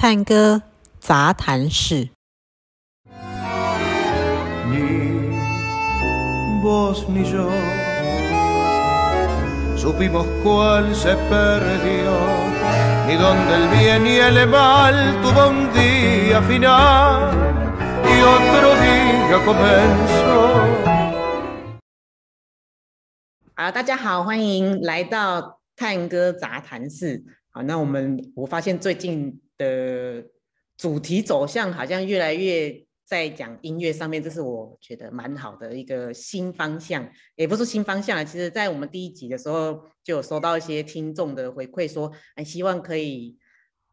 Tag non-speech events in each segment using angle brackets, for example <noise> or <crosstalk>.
探戈雜談室。啊，大家好，歡迎來到探戈雜談室。好，那我們我發現最近。的主題走向好像越來越在講音樂上面，這是我覺得蠻好的一個新方向，也不是新方向啊，其實，在我們第一集的時候，就有收到一些聽眾的回饋，說很希望可以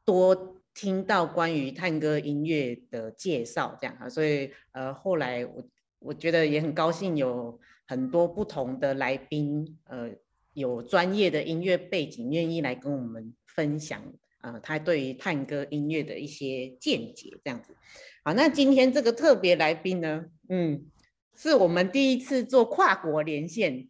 多聽到關於探戈音樂的介紹，這樣啊。所以，呃，後來我我覺得也很高興，有很多不同的來賓，呃，有專業的音樂背景，願意來跟我們分享。呃，他對於探戈音樂的一些見解這樣子。好，那今天這個特別來賓呢，嗯，是我們第一次做跨國連線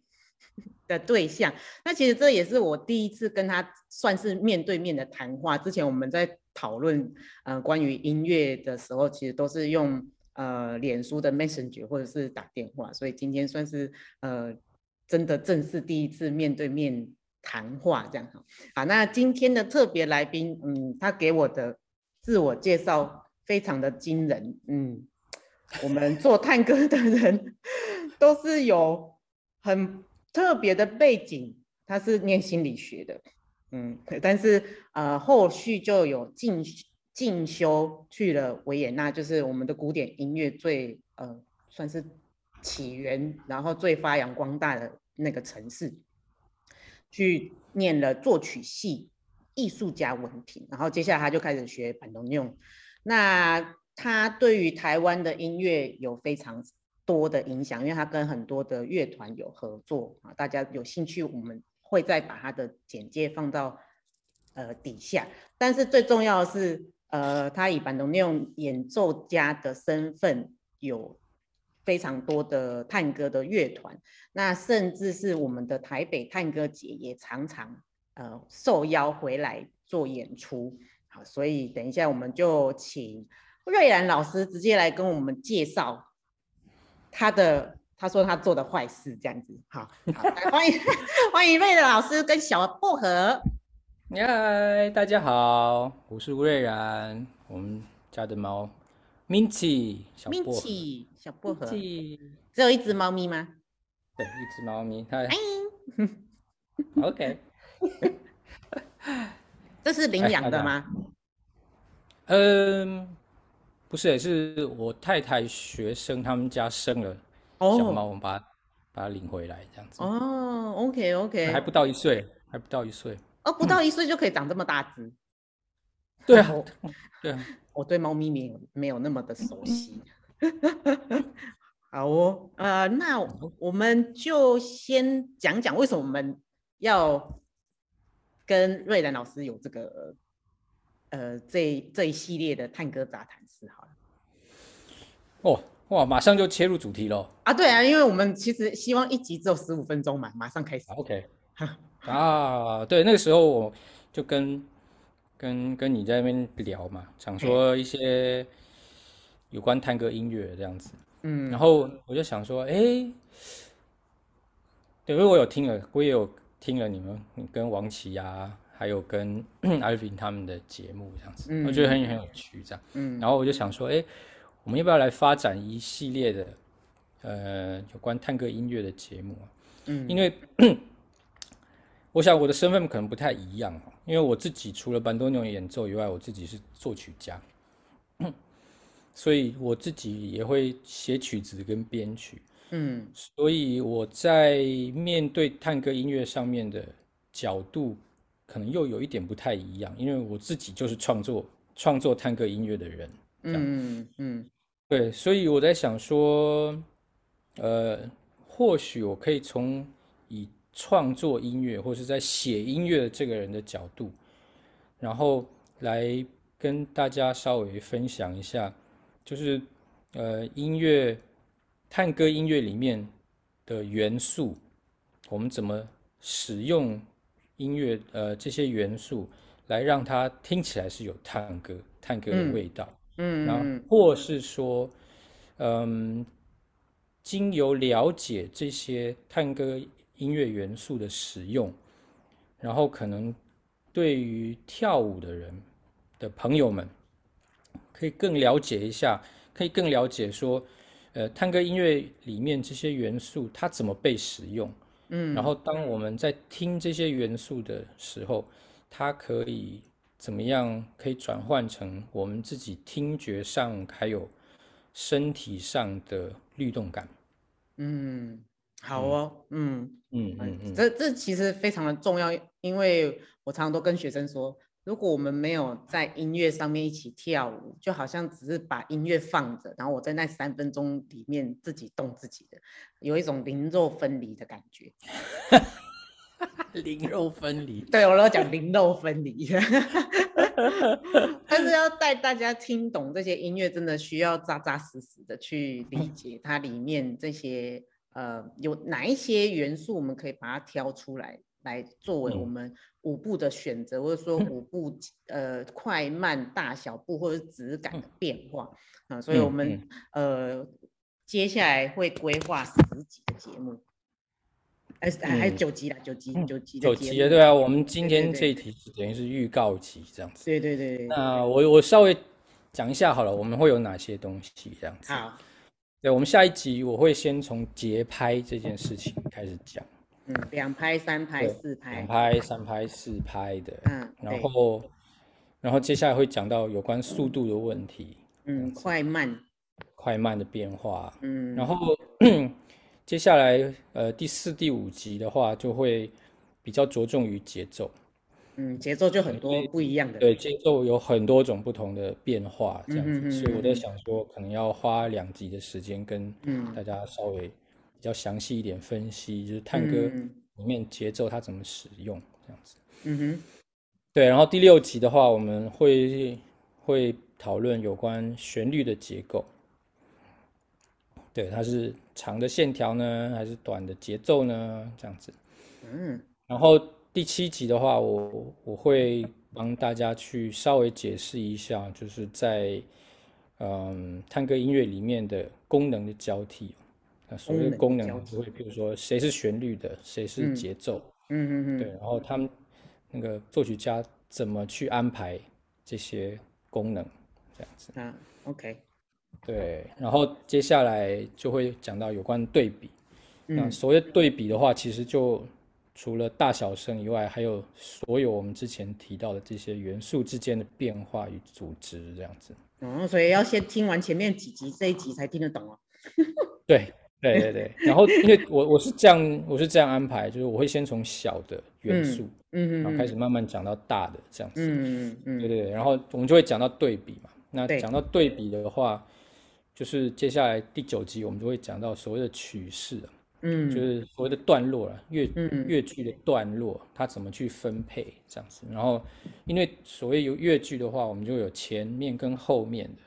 的對象。那其實這也是我第一次跟他算是面對面的談話。之前我們在討論呃關於音樂的時候，其實都是用呃臉書的 Messenger 或者是打電話，所以今天算是呃真的正式第一次面對面。談話這樣好，好，那今天的特別來賓，嗯，他給我的自我介紹非常的驚人，嗯，我們做探戈的人都是有很特別的背景，他是念心理學的，嗯，但是呃，後續就有進進修去了維也納，就是我們的古典音樂最呃算是起源，然後最發揚光大的那個城市。去念了作曲系藝術家文憑，然後接下來他就開始學班多鈕，那他對於台灣的音樂有非常多的影響，因為他跟很多的樂團有合作啊。大家有興趣，我們會再把他的簡介放到呃底下。但是最重要的是，呃，他以班多鈕演奏家的身份有，非常多的探戈的樂團，那甚至是我們的台北探戈節也常常呃受邀回來做演出。好，所以等一下我們就請睿然老師直接來跟我們介紹他的他說他做的壞事這樣子。好，好歡迎 <laughs> 歡迎睿然老師跟小薄荷。Hi, 大家好，我是吳睿然，我們家的貓 Minzi，小小薄荷，只有一隻貓咪嗎？對，一隻貓咪。它，哎。 <laughs> OK， <laughs> 這是領養的嗎？嗯、哎哎呃，不是、欸，是我太太學生他們家生了小貓、哦，我們把它把它領回來這樣子。哦，OK OK，還不到一歲，還不到一歲。哦，不到一歲就可以長這麼大只、嗯？對啊，對啊， <laughs> 我對貓咪沒有沒有那麼的熟悉。 <laughs> <laughs> 好哦，呃，那我們就先講講為什麼我們要跟睿然老師有這個，呃，這這一系列的探戈雜談室好了。哦，哇，馬上就切入主題了啊！對啊，因為我們其實希望一集只有十五分鐘嘛，馬上開始、啊。OK， <laughs> 啊，對，那個時候我就跟跟跟你在那邊聊嘛，想說一些。有關探戈音樂這樣子，嗯，然後我就想說，哎、欸，對，因為我有聽了，我也有聽了你們你跟王琦啊，還有跟艾、嗯、瑞平他們的節目這樣子，我覺得很很有趣，這樣，嗯，然後我就想說，哎、欸，我們要不要來發展一系列的，呃，有關探戈音樂的節目啊？嗯，因為 <coughs> 我想我的身份可能不太一樣、喔、因為我自己除了班多尼演奏以外，我自己是作曲家。所以我自己也會寫曲子跟編曲，嗯，所以我在面對探戈音樂上面的角度，可能又有一點不太一樣，因為我自己就是創作創作探戈音樂的人，這樣，嗯嗯，對，所以我在想說，呃，或許我可以從以創作音樂或是在寫音樂的這個人的角度，然後來跟大家稍微分享一下。就是，呃，音樂，探戈音樂裡面的元素，我們怎麼使用音樂，呃，這些元素來讓它聽起來是有探戈探戈的味道，嗯，然後或是說，嗯，經由了解這些探戈音樂元素的使用，然後可能對於跳舞的人的朋友們，可以更了解一下，可以更了解說，呃，探戈音樂裡面這些元素它怎麼被使用，嗯，然後當我們在聽這些元素的時候，它可以怎麼樣？可以轉換成我們自己聽覺上還有身體上的律動感。嗯，好哦，嗯嗯嗯嗯，嗯，這這其實非常的重要，因為我常常都跟學生說。如果我們沒有在音樂上面一起跳舞，就好像只是把音樂放着，然後我在那三分鐘裡面自己動自己的，有一種靈肉分離的感覺。靈 <laughs> 肉分離， <laughs> 對，我都講靈肉分離。 <laughs> <laughs> <laughs> 但是要帶大家聽懂這些音樂，真的需要扎扎實實的去理解它裡面這些呃有哪一些元素，我們可以把它挑出來。來作為我們舞步的選擇，嗯、或者說舞步、嗯、呃快慢大小步或者是質感的變化、嗯、啊，所以我們、嗯、呃接下來會規劃十集的節目，還是、嗯、還是九集啦，嗯、九集九集的節目。九集，對啊，我們今天這一題等於是預告集，對對對這樣子。對對對。那我我稍微講一下好了，我們會有哪些東西這樣子？好。對，我們下一集我會先從節拍這件事情開始講。嗯、兩拍、三拍、四拍，兩拍、三拍、四拍的。嗯、啊，然後，然後接下來會講到有關速度的問題。嗯，嗯快慢，快慢的變化。嗯，然後 <coughs> 接下來，呃，第四、第五集的話，就會比較着重於節奏。嗯，節奏就很多不一樣的。對，節奏有很多種不同的變化，這樣子。嗯、哼哼哼所以我在想說，可能要花兩集的時間跟大家稍微、嗯。比較詳細一點分析，就是探戈裡面節奏它怎麼使用這樣子。嗯哼，對。然後第六集的話，我們會會討論有關旋律的結構。對，它是長的線條呢，還是短的節奏呢？這樣子。嗯。然後第七集的話，我我會幫大家去稍微解釋一下，就是在嗯探戈音樂裡面的功能的交替。所有的功能就會，比如說誰是旋律的，誰、嗯、是節奏，嗯嗯嗯，對，然後他們那個作曲家怎麼去安排這些功能，這樣子啊，OK，對，然後接下來就會講到有關的對比，嗯、那所謂對比的話，其實就除了大小聲以外，還有所有我們之前提到的這些元素之間的變化與組織，這樣子。哦、嗯，所以要先聽完前面幾集，這一集才聽得懂哦、啊。 <laughs> 對。 <laughs> 對對對，然後因為我我是這樣，我是這樣安排，就是我會先從小的元素，嗯，嗯嗯，然後開始慢慢講到大的這樣子，嗯嗯對對對，然後我們就會講到對比嘛，那講到對比的話，對對對對對，就是接下來第九集我們就會講到所謂的曲式、啊、嗯，就是所謂的段落了，、啊，樂樂、嗯、句的段落它怎麼去分配這樣子，然後因為所謂有樂句的話，我們就有前面跟後面的，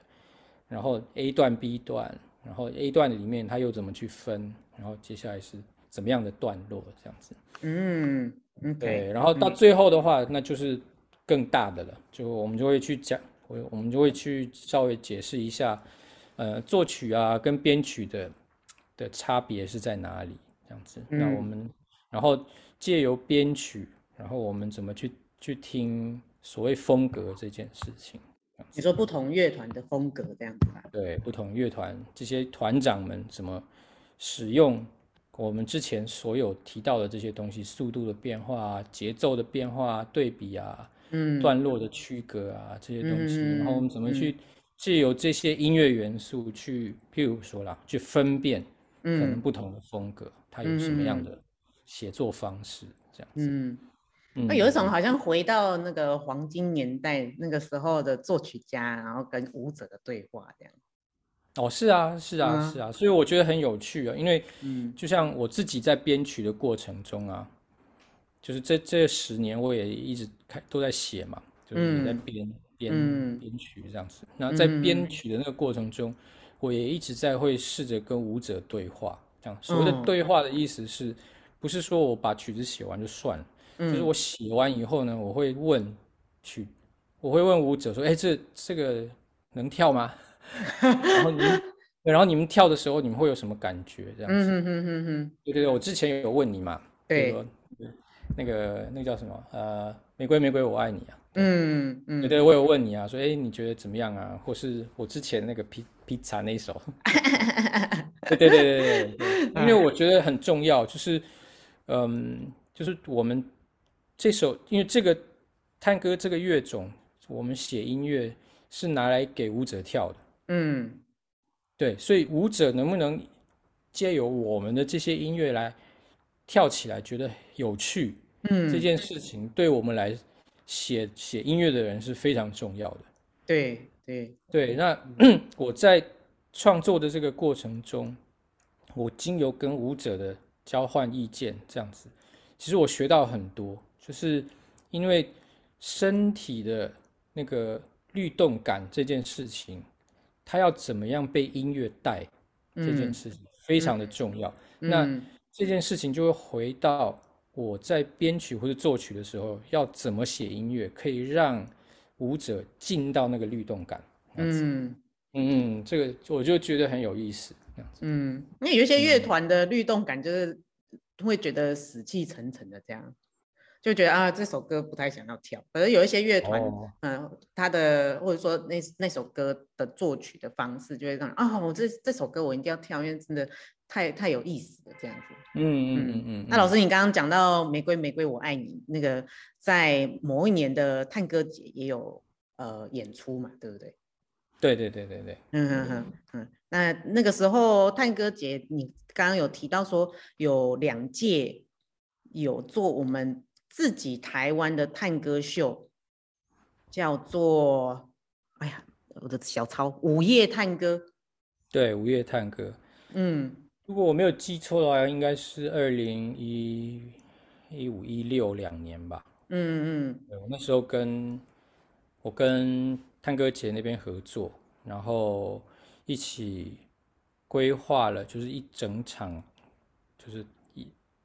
然後 A 段 B 段。然後 A 段裡面他又怎麼去分？然後接下來是怎麼樣的段落？這樣子。嗯，okay, 對。然後到最後的話、嗯，那就是更大的了。就我們就會去講，我我們就會去稍微解釋一下，呃，作曲啊跟編曲的的差別是在哪裡？這樣子。那我們、嗯、然後借由編曲，然後我們怎麼去去聽所謂風格這件事情？你說不同樂團的風格這樣子吧？對，不同樂團這些團長們怎麼使用我們之前所有提到的這些東西？速度的變化，節奏的變化對比啊，嗯，段落的區隔啊，這些東西，嗯、然後我們怎麼去借、嗯、由這些音樂元素去，譬如說啦，去分辨可能不同的風格，嗯、它有什麼樣的寫作方式、嗯、這樣子？嗯。那有一種好像回到那個黃金年代，那個時候的作曲家，然後跟舞者的對話這樣。哦，是啊，是啊，嗯、是啊，所以我覺得很有趣啊、哦，因為，嗯，就像我自己在編曲的過程中啊，就是這這十年我也一直開都在寫嘛，就是在編、嗯、編編曲這樣子。那、嗯、在編曲的那個過程中，我也一直在會試着跟舞者對話，這樣所謂的對話的意思是、嗯，不是說我把曲子寫完就算了。就是我寫完以後呢，我會問，去，我會問舞者說：“哎、欸，這這個能跳嗎？” <laughs> 然後你們， <laughs> 然後你們跳的時候，你們會有什麼感覺？這樣子。嗯嗯嗯對對對，我之前有問你嘛。對。對那個那個叫什麼？呃，玫瑰玫瑰我愛你啊。嗯嗯。嗯對，對對，我有問你啊，說哎、欸，你覺得怎麼樣啊？或是我之前那個披披薩那一首。 <laughs> 對對對對對，對，對，對，對、 <laughs> 嗯。因為我覺得很重要，就是，嗯、呃，就是我們。這首因為這個探戈這個樂種，我們寫音樂是拿來給舞者跳的。嗯，對，所以舞者能不能借由我們的這些音樂來跳起來，覺得有趣，嗯，這件事情對我們來寫寫音樂的人是非常重要的。嗯、對，對，對。那、嗯、我在創作的這個過程中，我經由跟舞者的交換意見，這樣子，其實我學到很多。就是因為身體的那個律動感這件事情，它要怎麼樣被音樂帶，嗯，這件事情非常的重要。嗯，那這件事情就會回到我在編曲或者作曲的時候，要怎麼寫音樂可以讓舞者進到那個律動感。嗯嗯，這個我就覺得很有意思。嗯，因為有些樂團的律動感就是會覺得死氣沉沉的這樣。就覺得啊，這首歌不太想要跳。可是有一些樂團，oh. 嗯，他的或者說那那首歌的作曲的方式，就會讓啊，我、哦、這這首歌我一定要跳，因為真的太太有意思了，這樣子。嗯嗯嗯嗯。那老師，你剛剛講到《玫瑰玫瑰我愛你》那個，在某一年的探戈節也有呃演出嘛，對不對？對對對對對。嗯嗯嗯嗯。那那個時候探戈節，你剛剛有提到說有兩屆有做我們。自己台灣的探戈秀，叫做，哎呀，我的小抄，舞夜探戈。對，舞夜探戈。嗯，如果我沒有記錯的話，應該是二零一，一五一六兩年吧。嗯嗯。我那時候跟，我跟探戈節那邊合作，然後一起規劃了，就是一整場，就是。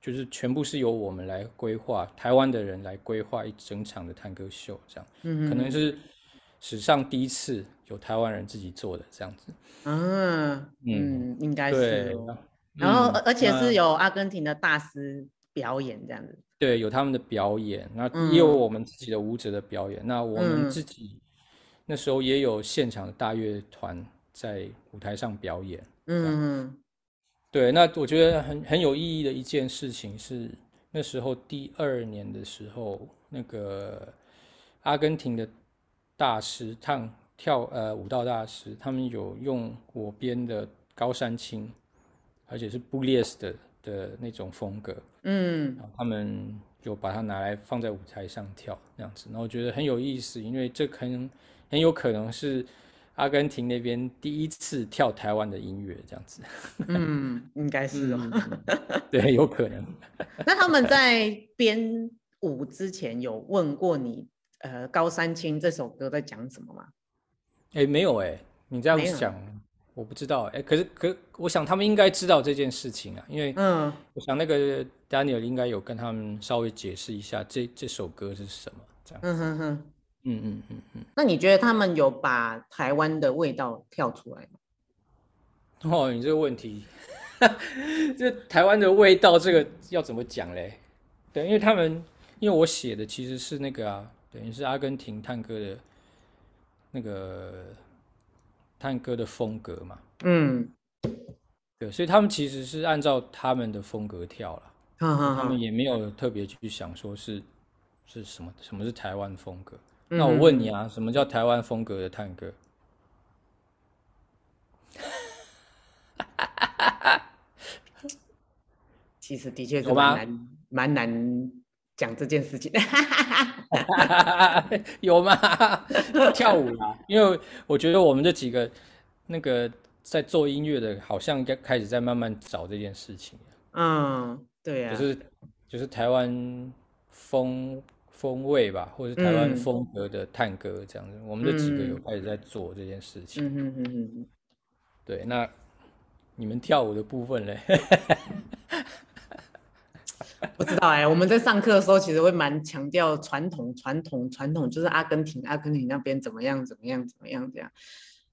就是全部是由我們來規劃，台灣的人來規劃一整場的探戈秀，這樣，嗯，可能是史上第一次由台灣人自己做的這樣子，嗯嗯，嗯，應該是、嗯、然後，而且是有阿根廷的大師表演這樣子，嗯、對，有他們的表演，那也有我們自己的舞者的表演、嗯。那我們自己那時候也有現場的大樂團在舞台上表演，嗯。對，那我覺得很很有意義的一件事情是，那時候第二年的時候，那個阿根廷的大師唱跳呃舞蹈大師，他們有用我編的高山青，而且是布列斯的的那種風格，嗯，然後他們就把它拿來放在舞台上跳這樣子，那我覺得很有意思，因為這很很有可能是。阿根廷那邊第一次跳台灣的音樂，這樣子。嗯， <laughs> 應該是哦、喔嗯。 <laughs> 對，有可能。那他們在編舞之前有問過你， <laughs> 呃，《高山青》這首歌在講什麼嗎？哎、欸，沒有哎、欸，你這樣想，我不知道哎、欸。可是，可是我想他們應該知道這件事情啊，因為，嗯，我想那個 Daniel 應該有跟他們稍微解釋一下這這首歌是什麼，這樣。嗯哼哼。嗯嗯嗯嗯，那你覺得他們有把台灣的味道跳出來嗎？哦，你這個問題，這 <laughs> 台灣的味道這個要怎麼講嘞？對，因為他們因為我寫的其實是那個啊，等於是阿根廷探戈的，那個探戈的風格嘛。嗯，對，所以他們其實是按照他們的風格跳了，嗯、他們也沒有特別去想說是是什麼，什麼是台灣風格。那我問你啊，嗯，什麼叫台灣風格的探戈？ <laughs> 其實的確是蠻難，蠻難講這件事情的。 <laughs> <laughs> 有嗎？跳舞啊！因為我覺得我們這幾個那個在做音樂的，好像開始在慢慢找這件事情。嗯，對呀，啊。就是就是台灣風風味吧，或是台灣風格的探戈這樣子，嗯、我們這幾個有開始在做這件事情。嗯嗯嗯嗯，對，那你們跳舞的部分嘞？不 <laughs> <laughs> 知道哎、欸，我們在上課的時候其實會蠻強調傳統，傳統，傳統，就是阿根廷，阿根廷那邊怎麼樣，怎麼樣，怎麼樣這樣。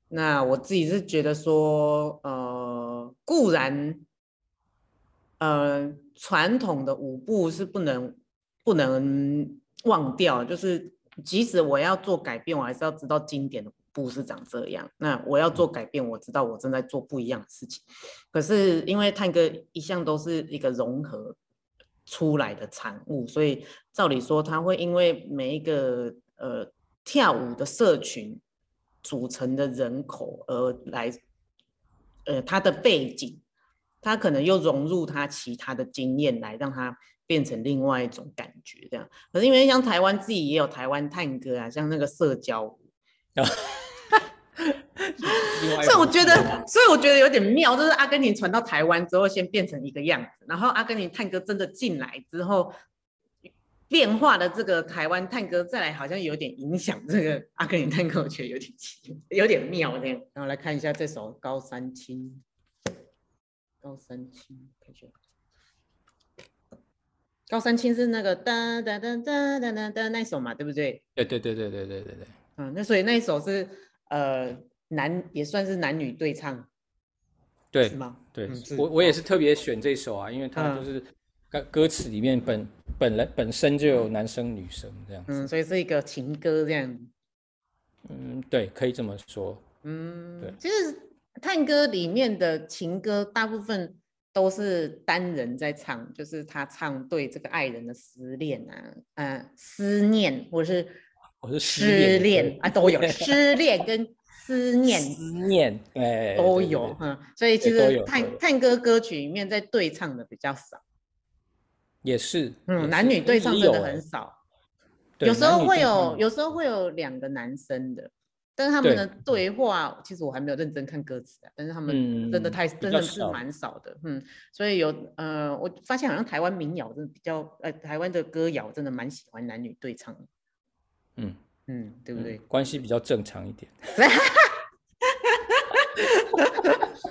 那我自己是覺得說，呃，固然，嗯、呃，傳統的舞步是不能，不能。忘掉，就是即使我要做改變，我還是要知道經典的不是長這樣。那我要做改變，我知道我正在做不一樣的事情。可是因為探戈一向都是一個融合出來的產物，所以照理說他會因為每一個呃跳舞的社群組成的人口而來，呃，他的背景，他可能又融入他其他的經驗來讓他。變成另外一種感覺，這樣。可是因為像台灣自己也有台灣探戈啊，像那個社交舞， <laughs> <laughs> <music> 所以我覺得， <laughs> 所以我覺得有點妙，就是阿根廷傳到台灣之後，先變成一個樣子，然後阿根廷探戈真的進來之後，變化的這個台灣探戈，再來好像有點影響這個阿根廷探戈，我覺得有點奇，有點妙這樣。 <laughs> 然後來看一下這首高山青《高山青》，《高山青》開始。《高山青》是那個噠噠噠噠噠噠那首嘛，對不對？對對對對對對對對，嗯，那所以那一首是呃，男，也算是男女對唱，對是嗎？對，嗯、我我也是特別選這首啊，哦、因為它就是歌歌詞裡面本本來本身就有男生女生這樣嗯，所以是一個情歌這樣嗯，對，可以這麼說。嗯，對，其實探戈裡面的情歌大部分。都是單人在唱，就是他唱對這個愛人的思戀啊，嗯、呃，思念，或是，哦，是失戀啊，都有失戀跟思念，思念，對，都有，嗯，所以其實探探、探戈歌曲裡面在對唱的比較少，也是，也是嗯，男女對唱真的很少，有，欸、有時候會有，有，有時候會有兩個男生的，但是他們的對話，對，其實我還沒有認真看歌詞啊、嗯。但是他們真的太真的是蠻少的，嗯。所以有，呃，我發現好像台灣民謠真的比較，呃，台灣的歌謠真的蠻喜歡男女對唱的。嗯嗯，對不對？嗯、關係比較正常一點。 <laughs>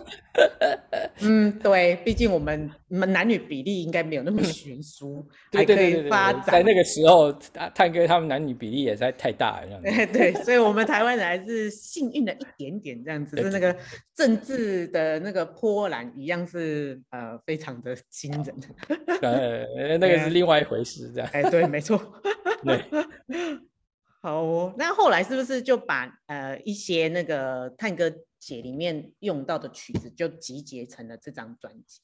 <laughs> 嗯，對，畢竟我們男女比例應該沒有那麼懸殊 <laughs> 對對對對對，還可以發展。在那個時候，探戈他們男女比例也在太大了，這樣子。 <laughs> 對，所以我們台灣人還是幸運了一點點，這樣子。是那個政治的那個波瀾一樣是呃，非常的驚人。呃， <laughs> 那個是另外一回事，這樣。 <laughs> 哎，對，沒錯。 <laughs> 對，好哦。那後來是不是就把呃一些那個探戈寫裡面用到的曲子就集結成了這張專輯。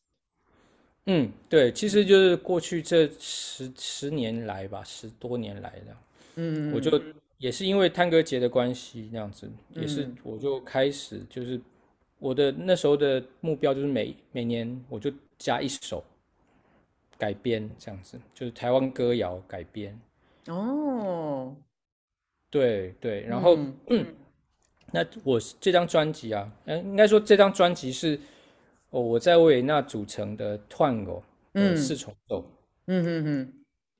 嗯，對，其實就是過去這十十年來吧，十多年來了。嗯，我就也是因為探戈節的關係，那樣子也是我就開始就是、嗯、我的那時候的目標就是每每年我就加一首改編這樣子，就是台灣歌謠改編。哦，對對，然後嗯。嗯那我這張專輯啊，嗯，應該說這張專輯是，哦，我在維也納組成的 Twango，嗯，四重奏，嗯嗯嗯，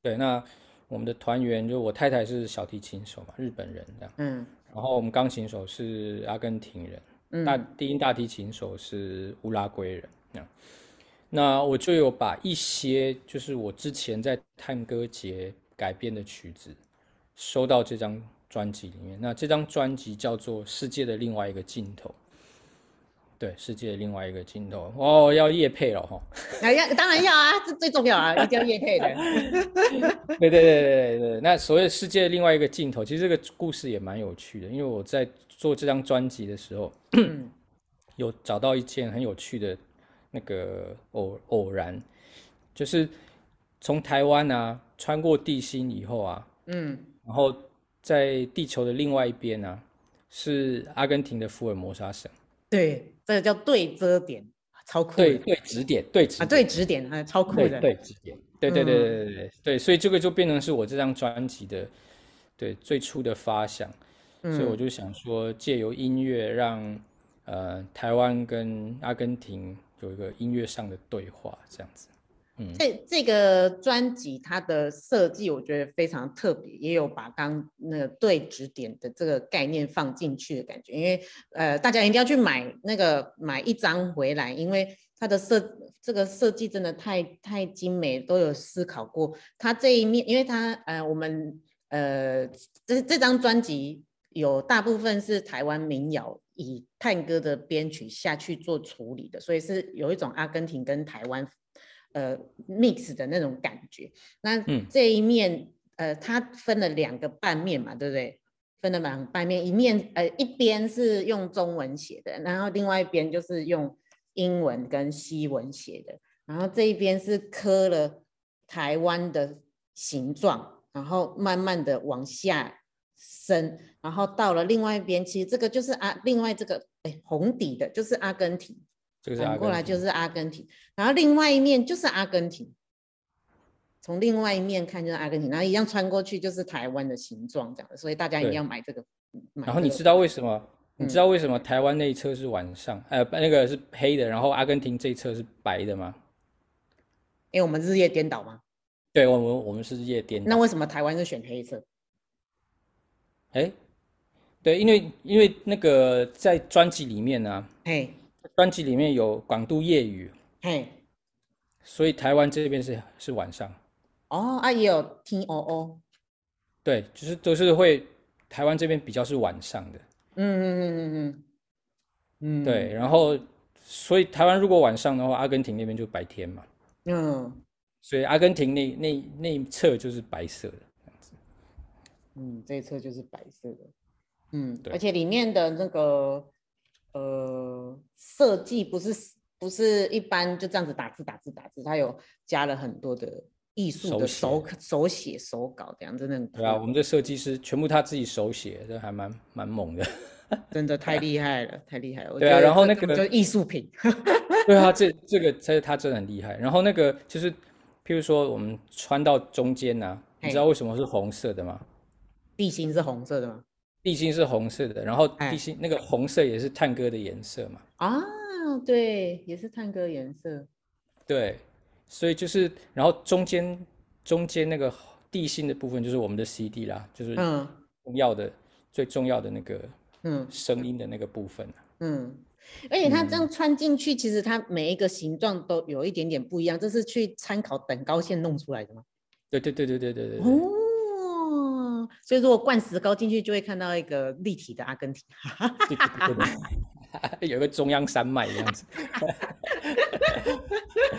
對，那我們的團員就我太太是小提琴手嘛，日本人這樣，嗯，然後我們鋼琴手是阿根廷人，嗯，大低音大提琴手是烏拉圭人，那，那我就有把一些就是我之前在探戈節改編的曲子，收到這張。專輯裡面，那這張專輯叫做《世界的另外一個盡頭》，對，世界的另外一個盡頭。哦，要業配了哈？哎呀，當然要啊， <laughs> 這最重要啊，一定要業配的。 <laughs> 對對對對對，那所謂世界的另外一個盡頭，其實這個故事也蠻有趣的，因為我在做這張專輯的時候、嗯，有找到一件很有趣的那個偶偶然，就是從台灣啊穿過地心以後啊，嗯，然後。在地球的另外一邊呢、啊，是阿根廷的福爾摩沙省。對，這個叫對蹠點，超酷。對對，蹠點對蹠啊，對蹠點啊，超酷的。對對對,、啊、對,的對,對,對對對對、嗯、對，所以這個就變成是我這張專輯的，對最初的發想。所以我就想說，借由音樂讓、嗯、呃台灣跟阿根廷有一個音樂上的對話，這樣子。這、嗯、這個專輯它的設計，我覺得非常特別，也有把剛那個對紙點的這個概念放進去的感覺。因為呃，大家一定要去買那個買一張回來，因為它的設這個設計真的太太精美，都有思考過它這一面。因為它呃，我們呃，這這張專輯有大部分是台灣民謠以探戈的編曲下去做處理的，所以是有一種阿根廷跟台灣。呃，mix 的那種感覺。那這一面，嗯，呃，它分了兩個半面嘛，對不對？分了兩個半面，一面呃一邊是用中文寫的，然後另外一邊就是用英文跟西文寫的。然後這一邊是刻了台灣的形狀，然後慢慢的往下伸，然後到了另外一邊，其實這個就是啊，另外這個哎紅底的，就是阿根廷。反、這個、過來就是阿根廷，然後另外一面就是阿根廷。從另外一面看就是阿根廷，然後一樣穿過去就是台灣的形狀，這樣。所以大家一定要買、這個、買這個。然後你知道為什麼？嗯、你知道為什麼台灣那一側是晚上、嗯，呃，那個是黑的，然後阿根廷這一側是白的嗎？因、欸、為我們日夜顛倒嗎？對，我們我們是日夜顛倒。那為什麼台灣是選黑色？哎、欸，對，因為因為那個在專輯裡面呢、啊，嘿、欸。專輯裡面有廣度夜雨，嘿，所以台灣這邊是是晚上。哦，還、啊、有天哦。哦，對，就是都是會，台灣這邊比較是晚上的。嗯嗯嗯嗯嗯。嗯。對，然後所以台灣如果晚上的話，阿根廷那邊就白天嘛。嗯。所以阿根廷那那那一側就是白色的這樣子。嗯，這一側就是白色的。嗯，而且裡面的那個。呃，設計不是不是一般就這樣子打字打字打字，他有加了很多的藝術的手手寫手、手稿，這樣真的對啊。我們這設計師全部他自己手寫，這還蠻蠻猛的，真的太厲害了，啊、太厲害！了。對啊，然後那個、這個、就是藝術品，對啊，這個、這個他他真的很厲害。 <laughs> 然後那個就是，譬如說我們穿到中間呢、啊，你知道為什麼是紅色的嗎？地心是紅色的嗎？地心是紅色的，然後地心那個紅色也是探戈的顏色嘛。啊，對，也是探戈顏色。對，所以就是，然後中間中間那個地心的部分就是我們的 CD 啦，就是重要的、嗯、最重要的那個嗯聲音的那個部分嗯，嗯，而且它這樣穿進去，嗯、其實它每一個形狀都有一點點不一樣，這是去參考等高線弄出來的嗎？對對對對對對對，對。哦所以如果灌石膏進去，就會看到一個立體的阿根廷， <laughs> <laughs> 有個中央山脈的樣子 <laughs> 。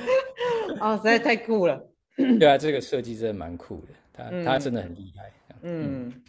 <laughs> 哦，實在太酷了。對啊，這個設計真的蠻酷的，他、嗯、他真的很厲害。嗯。嗯